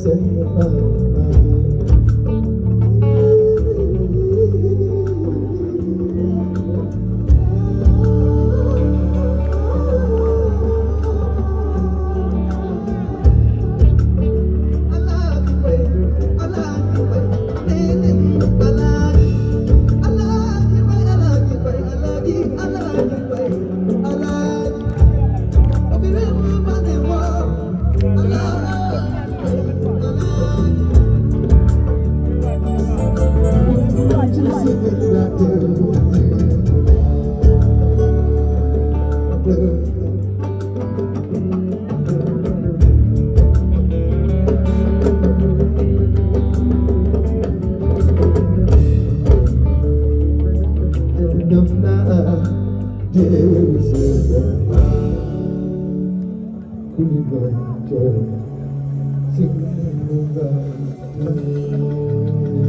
Senhor. Thank you.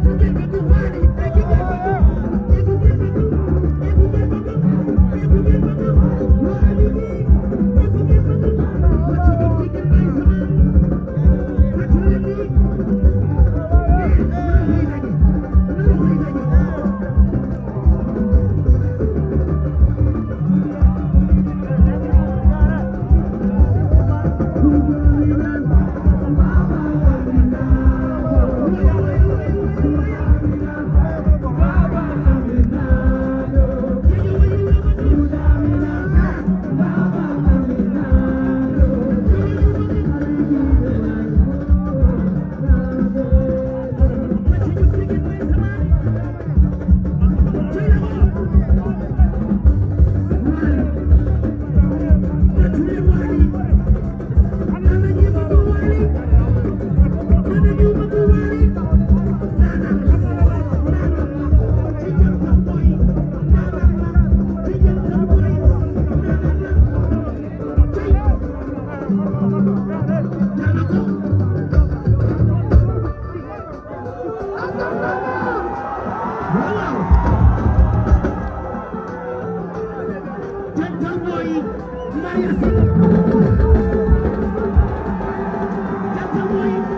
Thank you. Thank you.